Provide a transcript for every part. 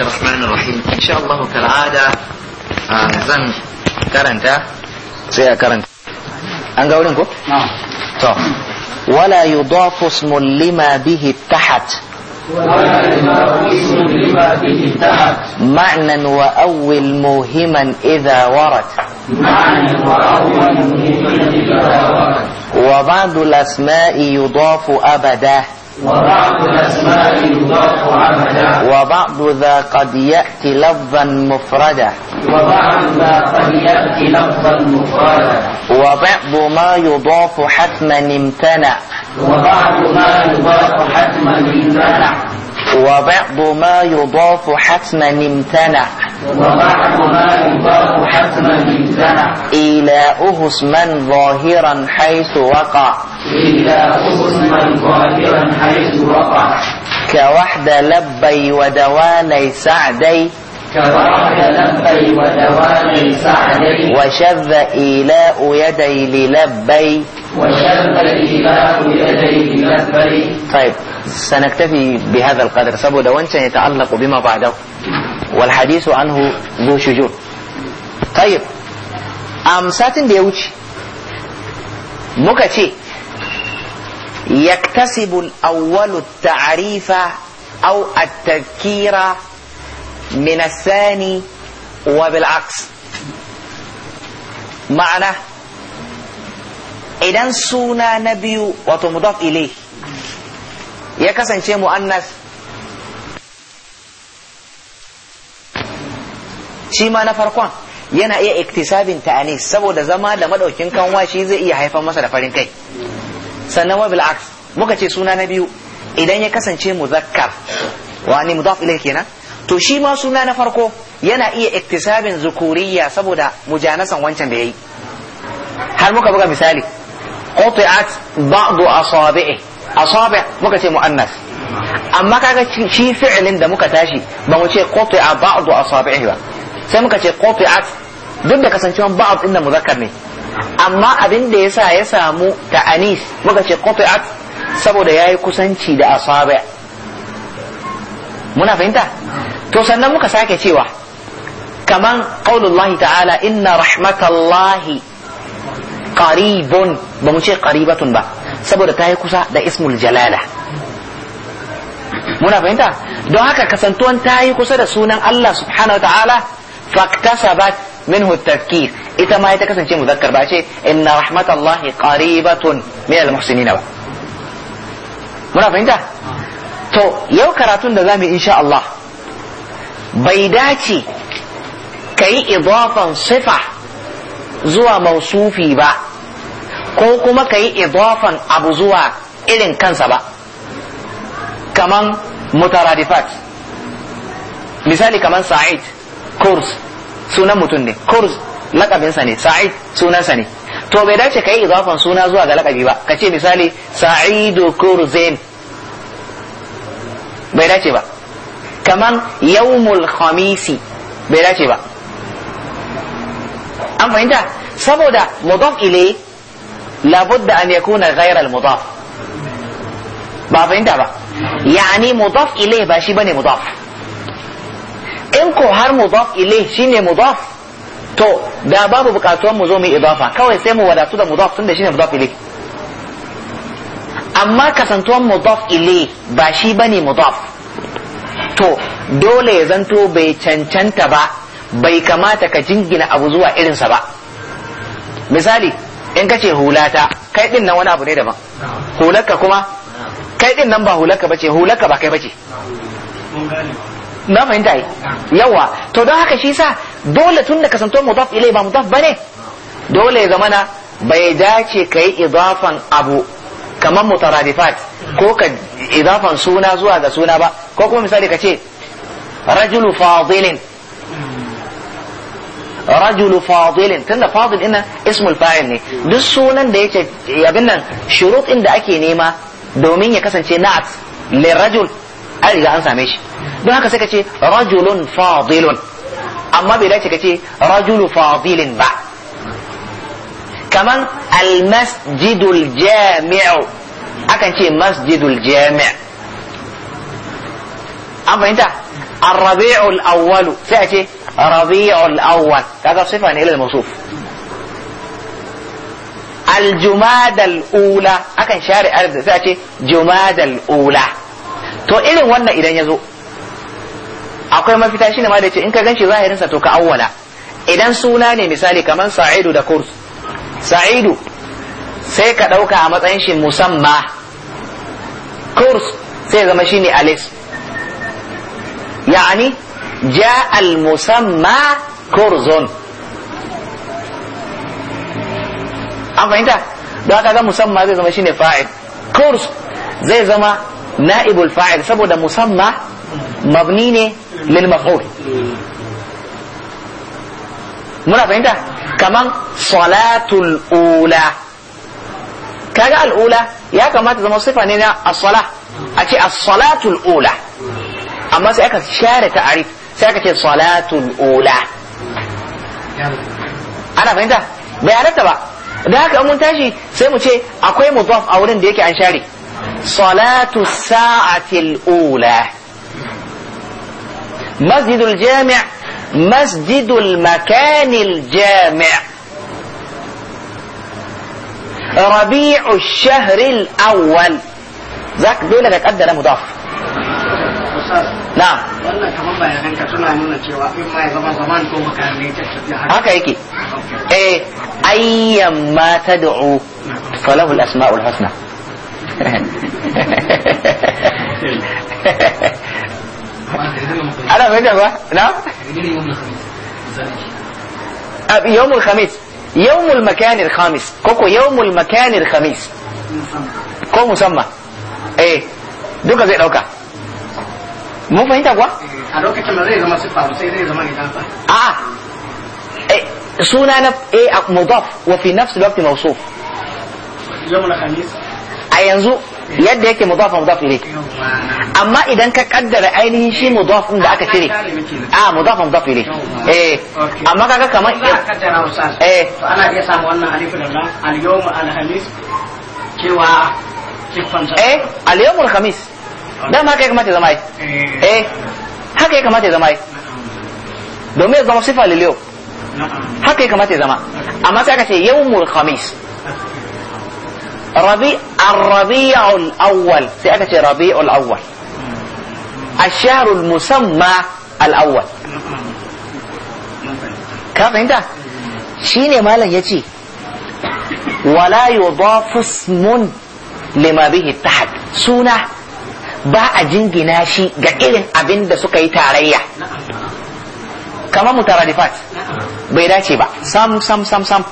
الله الرحمن الرحيم إن شاء الله كالعادة zan karanta sai a karanta ولا يضاف اسم لما به اتحت معنى وأول lima إذا ورد معنى وأول موهما إذا ورد وبعض الأسماء يضاف أبدا وبعض الأسماء يضاف وبعض ذا قد يأتي لفظا مفردا وبعض وبعض ما يضاف حتما امتنع وبعض ما يضاف حتما امتنع وبعض ما يضاف حتما امتنع ومعه إيلاؤه اسما ظاهرا حيث وقع إيلاؤه اسما ظاهرا حيث وقع كوحد لبي ودواني سعدي كوحد لبي ودواني سعدي وشذ إيلاء يدي للبي وشذ إيلاء يدي للبي طيب سنكتفي بهذا القدر سبو دوانشا يتعلق بما بعده والحديث عنه ذو شجون طيب أم ساتن دي وجه مكتي يكتسب الأول التعريف أو التذكير من الثاني وبالعكس معنى إذا سونا نبي وتمضاف إليه يكسن شيء مؤنث shi ma na farkon yana iya iktisabin ne saboda zama da madaukin kanwa shi zai iya haifar masa da farin kai sannan wa bil muka ce suna na biyu idan ya kasance muzakkar wa ni mudaf ilayhi kenan to shi ma suna na farko yana iya iktisabin zukuriya saboda mujanasan wancan da yayi har muka buga misali qati'at ba'du asabi'i asabi' muka ce muannas amma kaga shi fi'lin da muka tashi ba mu ce qati'a ba'du asabi'i ba sai muka ce kofi'at duk da kasancewan ba'd din da muzakkar ne amma abin da yasa ya samu ta anis muka ce at saboda yayi kusanci da asabe. muna fahimta to sannan muka sake cewa kaman qaulullahi ta'ala inna rahmatallahi qaribun ba mu ce qaribatun ba saboda ta yi kusa da ismul jalala muna fahimta don haka kasantuwan ta yi kusa da sunan Allah subhanahu wa ta'ala faktasabat minhu tafkir ita ma ita kasance muzakkar ba ce inna rahmatallahi qaribatun min almuhsinina ba muna fahimta to yau karatun da zamu insha Allah bai dace kai idafan sifa zuwa mausufi ba ko kuma kai idafan abu zuwa irin kansa ba kaman mutaradifat misali kaman sa'id kurs sunan mutum ne kurs lakabinsa ne sa'id sunansa ne to bai dace ka yi idafan suna zuwa ga lakabi ba ka ce misali sa'idu kurzain bai dace ba kaman yawmul khamisi bai dace ba an fahimta saboda mudaf ilay labudda an yakuna ghayra al-mudaf ba fahimta ba yani mudaf ilay ba shi bane mudaf in ko har mudaf ilai shine mudaf to da babu bukatuwan mu zo mu idafa kawai sai mu wadatu da mudaf tunda shine mudaf ilai amma kasantuwan mudaf ilai ba shi bane mudaf to dole ya zanto bai cancanta ba bai kamata ka jingina abu zuwa irinsa ba misali in ka ce hulata kai din nan wani abu ne daban hularka kuma kai din nan ba hularka bace hularka ba kai bace na fahimta yi yawa to don haka shi sa dole tun da kasanto mudaf ilai ba mudaf bane dole ya zamana bai dace ka yi idafan abu kamar mutaradifat ko ka idafan suna zuwa ga suna ba ko kuma misali ka ce rajulu fadilin rajulu fadilin tunda fadil ina ismul fa'il ne duk sunan da yake abin nan shurut da ake nema domin ya kasance na'at lirajul an riga an same shi don aka sai ka ce rajulun fadilun amma bai dace ka ce rajulu fadilin ba kamar almasjidul jami'u akan ce masjidul jami'u an fahimta arabi'ul awwalu sai a ce rabi'ul awwal kaga sifa ne ila mausuf al ula akan share arz sai a ce jumada al-ula to irin wannan idan ya zo akwai mafita shi ne ma da ce in ka ganshi zahirinsa to ka awwala idan suna ne misali kamar sa'idu da kurs sa'idu sai ka ɗauka a matsayin shi musamma kurs sai zama shi ne alis ya'ani ja al musamma kurzon an fahimta don haka ga musamma zai zama shi ne fa'id kurs zai zama na'ibul fa'il saboda musamma mabni ne lil maf'ul muna fahimta kaman salatul ula kaga al'ula ya kamata zama sifa ne na as-sala a ce as-salatul ula amma sai aka share ta'arif sai aka ce salatul ula ana fahimta bai ba da haka mun tashi sai mu ce akwai mudaf a wurin da yake an share salatu sa'atil ula masjidul jami' masjidul makanil jami' rabi'u shahril awwal zak dole دول kaddara mudaf na wannan kamar bayananka suna nuna cewa in ma ya zaman ko makarami ta tafiya haka yake eh ayyan ma tad'u falahu al-asma'ul husna ana fahimta ba na يوم الخميس يوم المكان الخامس كوكو يوم المكان الخميس كو مسمى ايه دوكا زي دوكا mun fahimta kuwa a lokacin da zai zama sifa sai zai zama ne kansa a suna na eh, a mudaf wa fi nafsi waqti mawsuf yawmul a yanzu yadda yake mudaf mudaf ilayk amma idan ka kaddara ainihin shi mudaf din da aka cire ah, a ah, mudaf mudaf ilayk eh amma kaga kamar eh ana iya samu wannan alif da lam al yawm al khamis cewa eh al yawm al khamis dama haka ya kamata zama yi eh. eh haka ya kamata zama yi domin ya zama sifa liliyo haka ya kamata zama amma sai aka ce yawmul khamis rabi ar-rabi'ul awwal sai aka ce rabi'ul awwal musamma al awwal. ka fahimta Shi ne malam yace wala yudafu ismun lima bihi tahad suna ba a jingina shi ga irin abin da suka yi tarayya kamar mutaradifat bai dace ba sam sam sam sam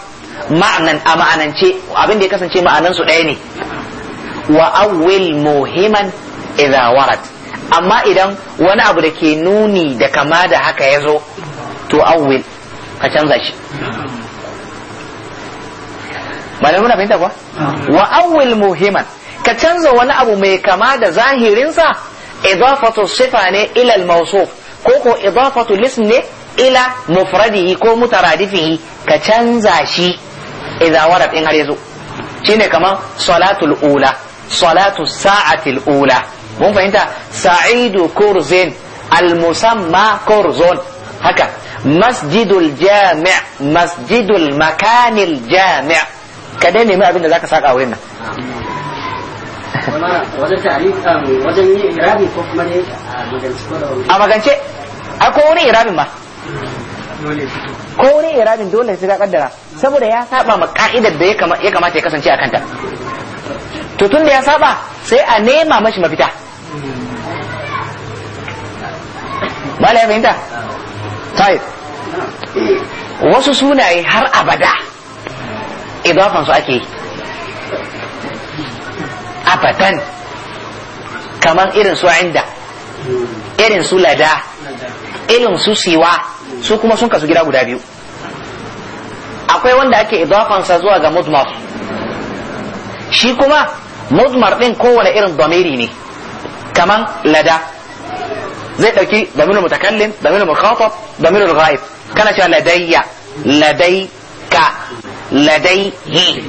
ma'anan a ma'anance abin da ya kasance ma'anan su ɗaya ne wa awwil muhiman idza warad amma idan wani abu da ke nuni da kama da haka ya zo to awwil ka canza shi malamuna fahimta kuwa wa awwil muhiman ka canza wani abu mai kama da zahirinsa idafatu sifa ne ila mausuf ko ko idafatu lism ne ila mufradihi ko mutaradifihi ka canza shi idan warab in har yazo shine kamar salatul ula salatu sa'atil ula mun fahimta sa'idu kurzin al-musamma kurzon haka masjidul jami' masjidul makanil jami' ka dai nemi abin da zaka saka wurin nan a um, ah, ah, magance a ah, ko wani irabin ma ko wani irabin dole sai ta kaddara saboda ya saba ma ka'idar da ya kamata ya kasance a kanta to tun da ya saba sai a nema mashi mafita ba la fahimta tayyib wasu sunaye har abada idafan su ake yi abadan kamar irin su inda irin su lada irin su siwa su kuma sun kasu gida guda biyu akwai wanda ake idafansa zuwa ga mudmar shi kuma mudmar din kowane irin domiri ne kaman lada zai ɗauki domirin mutakallin domirin mukhatab domin ghaib kana cewa ladayya ladayka ladayhi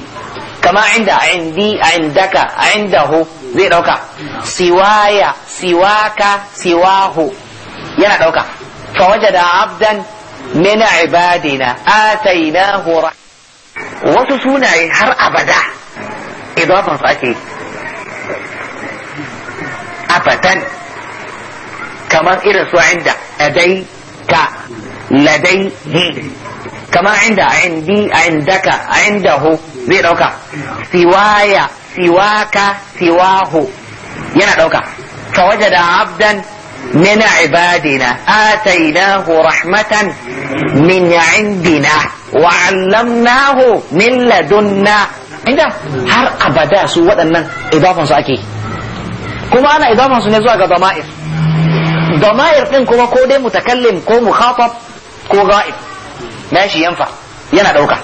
kama inda indi indaka indahu zai dauka siwaya siwaka siwahu yana dauka fa wajada abdan min ibadina atainahu wasu sunaye har abada idafan su ake abadan kamar irin su inda adai ka ladai Kama inda indi indaka indahu zai ɗauka siwaya siwaka siwahu yana ɗauka. fa wajada abdan nina ibadina atainahu rahmatan min indina wa 'allamnahu min ladunna inda har abada su waɗannan idafan su ake kuma ana idafan su ne zuwa ga dama'ir dama'ir din kuma ko dai mutakallim ko mukhatab ko ga'ib nashi yanfa yana ɗauka.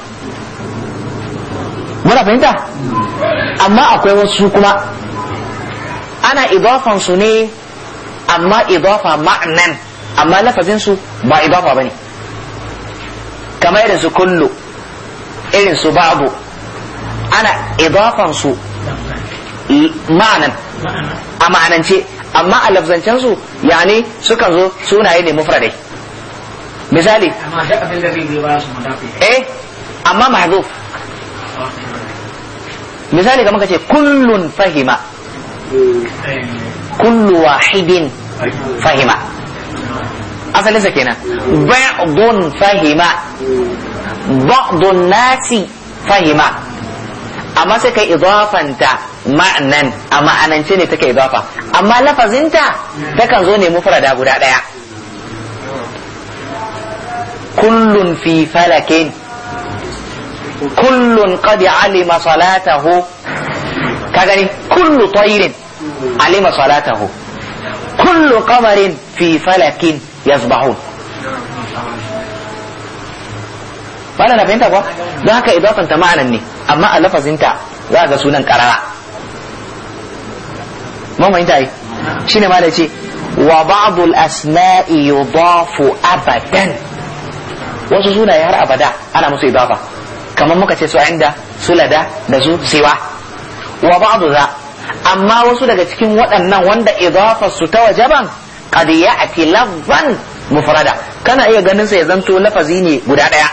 muna fahimta amma akwai wasu kuma ana idafan su ne amma idafa ma'anan amma lafazin su ba idafa bane kamar irin su kullu irin su babu ana idafan su ma'anan a ma'anance amma a lafzancen su yani sukan zo sunaye ne mufradai misali eh amma mahdhuf misali kamar ka ce kullun fahima kullu wahidin fahima asalinsa kenan ba'dun fahima ba'dun nasi fahima amma sai kai idafanta ma'anan a ma'anance ne take idafa amma lafazinta takan zo ne mufrada guda daya kullun fi falakin kullun qad alima salatahu ka gani kullu tayrin alima salatahu kullu qamarin fi falakin yasbahun bana na fahimta kuwa don haka idafanta ma'anan ne amma a lafazinta za ga sunan karara mun fahimta yi shine ma da ce wa ba'd al asma'i yudafu abadan wasu sunaye har abada ana musu idafa kamar muka ce su inda Lada da su siwa wa ba'du za amma wasu daga cikin waɗannan wanda idafar su ta wajaban qad ya'ti lafzan mufrada kana iya ganin sa ya zanto lafazi ne guda daya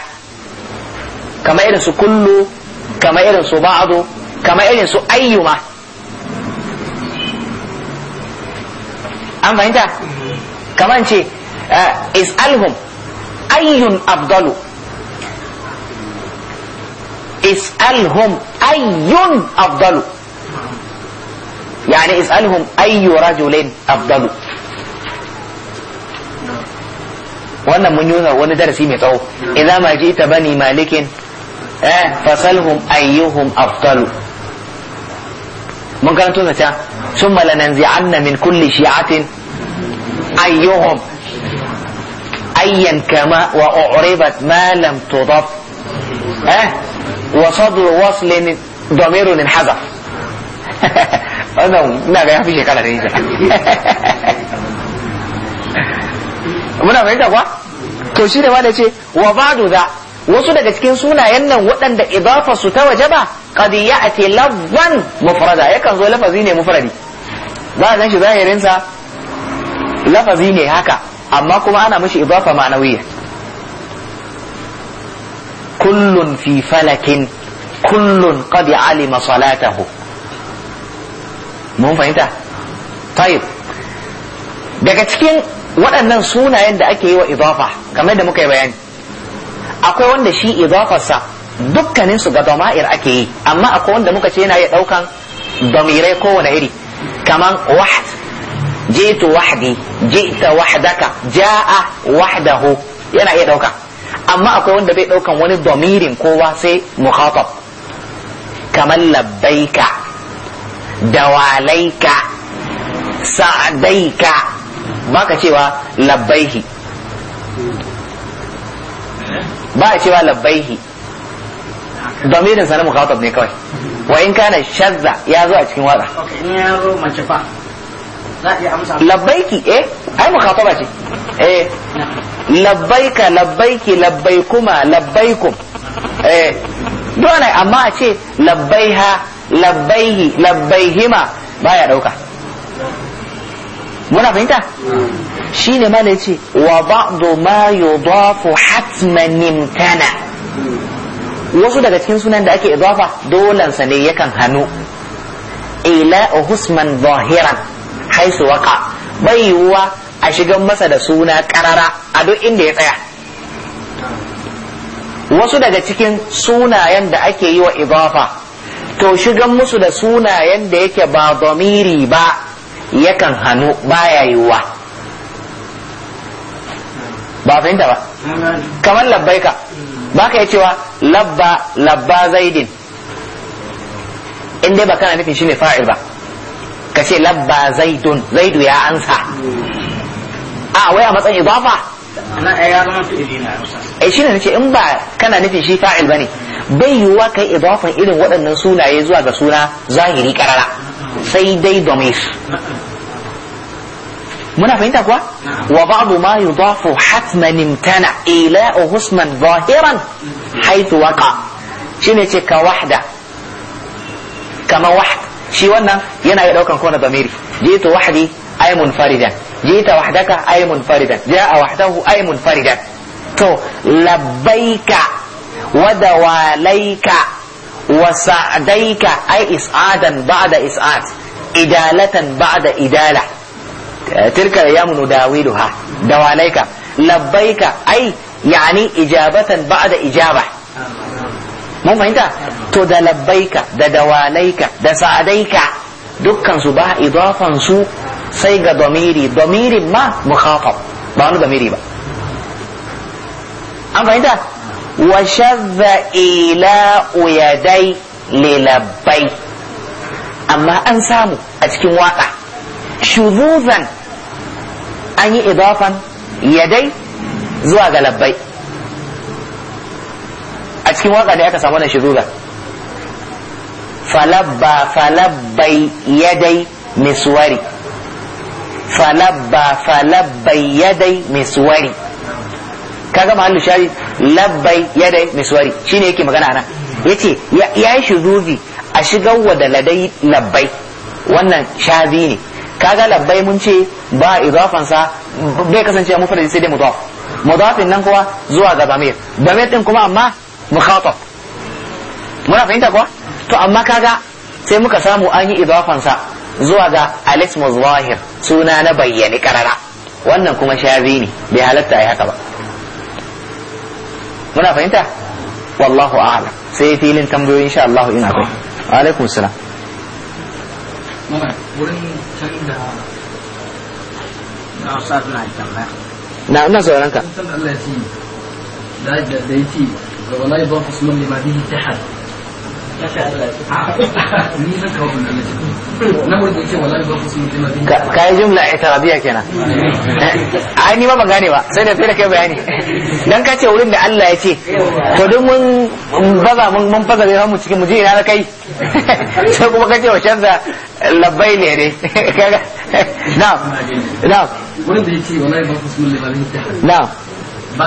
kamar irin su kullu kamar irin su ba'du kamar irin su ayyuma an fahimta kamar ce eh, is'alhum ayyun afdalu اسألهم أي أفضل يعني اسألهم أي رجل أفضل وانا من يونا وانا درسي متعو إذا ما جئت بني مالك اه فسألهم أيهم أفضل من كانت تونتا ثم لننزعن من كل شيعة أيهم أيا كما وأعربت ما لم تضف وفضل وصل ضمير انحذف wannan ina ga ya shekara da muna fahimta kuwa to shi ne ma ce wa ba'du za wasu daga cikin sunayen nan waɗanda idafa su ta waje ba qad ya'ti lafzan mufrada yakan zo lafazi ne mufradi Ba a ganshi zahirin sa lafazi ne haka amma kuma ana mishi idafa ma'anawiyya kullun fi falakin kullun qad alima salatahu mun fahimta tayyib daga cikin waɗannan sunayen da ake yi wa idafa kamar da muka yi bayani akwai wanda shi idafarsa dukkanin su ga dama'ir ake yi amma akwai wanda muka ce yana iya ɗaukan damirai kowane iri kaman wahd jitu wahdi jita wahdaka ja'a wahdahu yana iya ɗauka amma akwai wanda bai daukan wani domirin kowa sai mukhatab kamar labbaika dawalaika sa'adaika ka cewa labbaihi ba a cewa labbaihi domirin sa na ne kawai wa in kana shazza ya zo a cikin waka labbaiki eh ai mukhataba ce eh labbaika labbaiki labbaikuma labbaikum eh dole amma a ce labbaiha labbaihi labbaihima baya dauka muna fahimta shi ne mana ce wa ba'du ma yudafu hatman imtana wasu daga cikin sunan da ake idafa dolansa ne yakan hannu ila husman zahiran haisu waka bai yiwuwa a shigan masa da suna karara a duk inda ya tsaya wasu daga cikin sunayen da ake yi wa idafa to shigan musu da sunayen da yake ba domiri ba yakan hannu baya yiwuwa ba fahimta ba kamar labbaika ba ka yi cewa labba labba zaidin in dai ba kana nufin shi fa'il ba ka ce labba zaidun zaidu ya ansa a wai a matsayin idafa ai eh, eh, shi nace in ba kana nufin shi fa'il bane bai yiwuwa kai idafan irin waɗannan sunaye zuwa ga suna zahiri karara sai dai domis muna fahimta kuwa wa ba'du ma yudafu hatman imtana ila'u husman zahiran haythu waqa shine ce ka wahda kama wahda shi wannan yana iya daukan kowane zamiri jita wahdi ay munfaridan jita wahdaka ay munfaridan jaa wahdahu ay munfaridan to labbaika wa dawalaika wa sa'daika ay is'adan ba'da is'ad idalatan ba'da idala tilka ayyamun dawiluha dawalaika labbaika ay yani ijabatan ba'da ijabah mun fahimta to da labbaika da dawalaika da sa'adaika dukkan su ba idafan su sai ga domiri domiri ma mukhatab ba wani domiri ba an fahimta wa shadda ila uyadai lilabbai amma an samu a cikin waka shuzuzan an yi idafan yadai zuwa ga labbai a cikin waka da aka samu wannan shuzuza falabba falabbai yadai miswari falabba falabbai yadai miswari kaga mahallu shari labbai yadai miswari shine yake magana nan yace ya yi shuzuzi a shigar wa da ladai labbai wannan shazi ne kaga labbai mun ce ba sa bai kasance mufradi sai dai mudaf mudafin nan kuwa zuwa ga damir damir din kuma amma mukhatab muna fahimta kuwa to amma kaga sai muka samu an yi idafansa zuwa ga alismu zahir suna na bayyane karara wannan kuma shazi ne bai halatta yi haka ba muna fahimta wallahu a'lam sai filin tambayoyi insha Allah in akwai wa alaikum salam na sa ina sauranka da da da ولا يضاف اسم لما به اتحاد ka yi jumla kenan ai ni ma ban gane ba sai da fere kai bayani dan ka ce wurin da Allah ya ce to duk mun baza mun mun faza da mu cikin mu je ina na kai sai kuma ka ce wa canza labbai ne ne kaga na'am na'am wurin da yake wallahi ba kusmul libanin na ba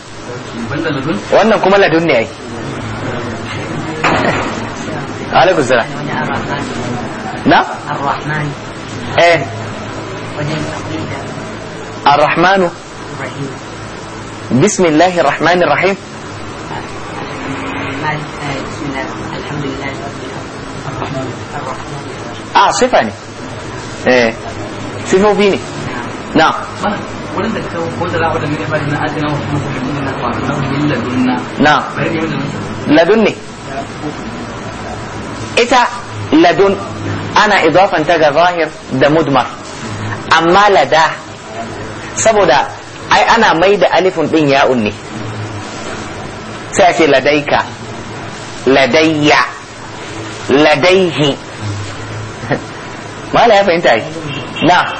wannan kuma ladun ne ya yi alaikun zira na? arrahmanu eh bismillahi rahmanin a sifa ne eh. ne na? wurin da ka kodara wa da mai fari na adina wa kuma kuma na kwanu na wajen ladunna na ladun ne ita ladun ana idafanta ga zahir da mudmar amma lada saboda ai ana mai da alifin din ya'un ne sai a ce ladaika ladayya ladaihi mala ya fahimta yi na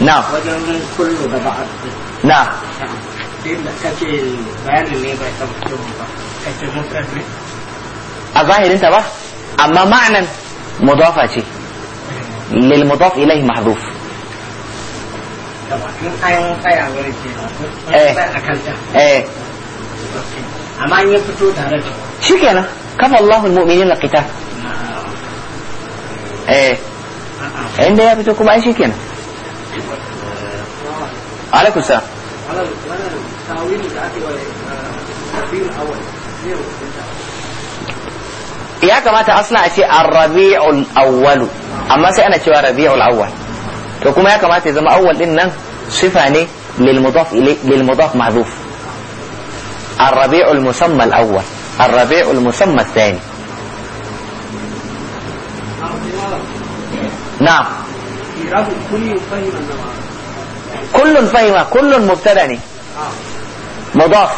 na wajen kullu da ba'ad na kace bayanin a zahirin ta ba amma ma'anan mudafa ce lil mudaf ilayhi mahdhuf eh. eh. amma fito tare عندها يا بتوكو بأي شيء كنا على كل يا كما تأصنع شيء الربيع الأول أما سأنا شيء الربيع الأول تكون يا كما تزم أول إن صفة للمضاف إليه للمضاف معذوف الربيع المسمى الأول الربيع المسمى الثاني na'am kullun fahima kullun mubtada ne mudaf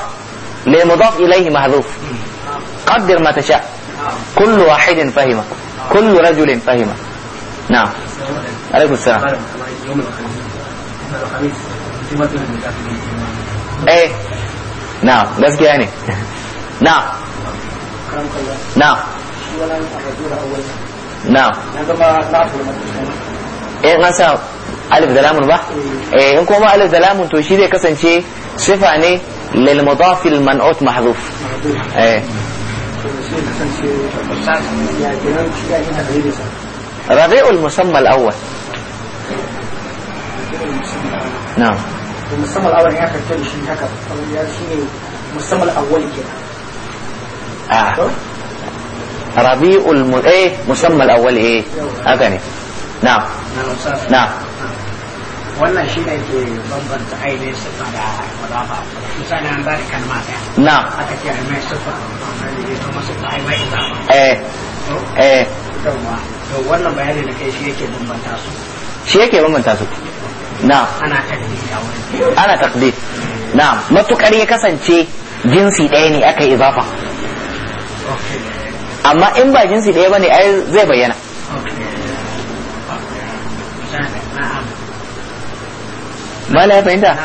li mudaf ilayhi mahdhuf قدر ما تشاء كل واحد فهمه كل رجل فهمه نعم عليكم السلام ايه نعم بس كده يعني نعم نعم نعم in an sa alif da lamun ba eh in kuma alif da lamun to shi zai kasance sifa ne lil mudaf al man'ut mahdhuf eh ربيع المسمى الأول نعم المسمى الأول هنا كان شيء هكذا المسمى الأول كده آه rabi'ul eh musamman awwal eh haka ne na na wannan shi ne ke bambanta da an bari na aka ce eh. Eh. wannan bayani kai shi yake bambanta su shi yake bambanta na ana takdid a ana na matukar ya kasance jinsi ɗaya ne aka yi izafa amma in ba jinsi ɗaya bane ai zai bayyana mala ya fahimta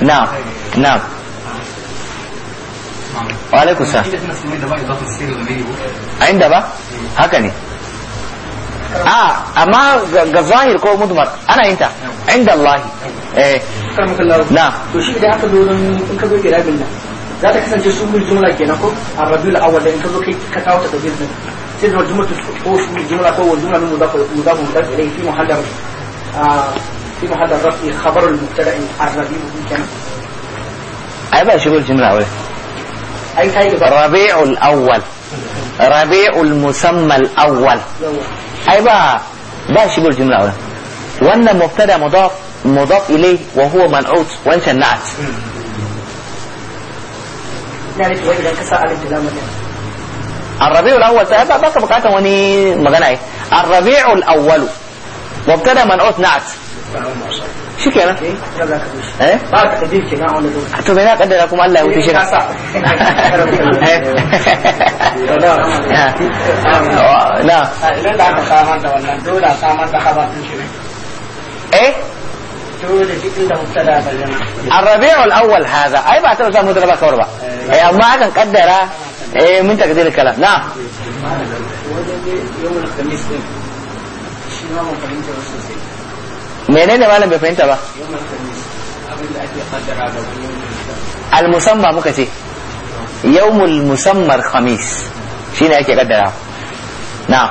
na na wale kusa a inda ba haka ne a amma ga zahir ko mudmar ana yinta inda allahi eh na to shi da aka zo in ka zo kirabin nan za ta kasance su mun jumla kenan ko a rabiul awwal in ka kai ka kawo ta tabiyyar din sai da jumla ko su jumla ko wal jumla mun da mu da mu da ilai fi a fi muhallar rafi khabar al mubtada al rabiul kenan ai ba shi bul jumla wai ai kai ba rabiul awwal rabiul musamma al awwal ai ba ba shi bul jumla wai wannan mubtada mudaf mudaf ilai wa huwa man'ut wancan na'at hmm. na rufe wa idan ka da za mu da. Arrabi'ul magana ai. Arrabi'ul awwal. Wabtada man usnat. Eh, shi ke nan? Eh? Ba na wani zuwa. To bai na kaddara kuma Allah ya wuce shi. Eh. Na. a samar الربيع الاول هذا اي بعد ترجع مدربة كوربا اي ما كان قدر آه. اي من تقدير الكلام نعم يوم الخميس منين ما لم يفهمت بقى المسمى مكتي يوم المسمى الخميس شنو هيك قدر نعم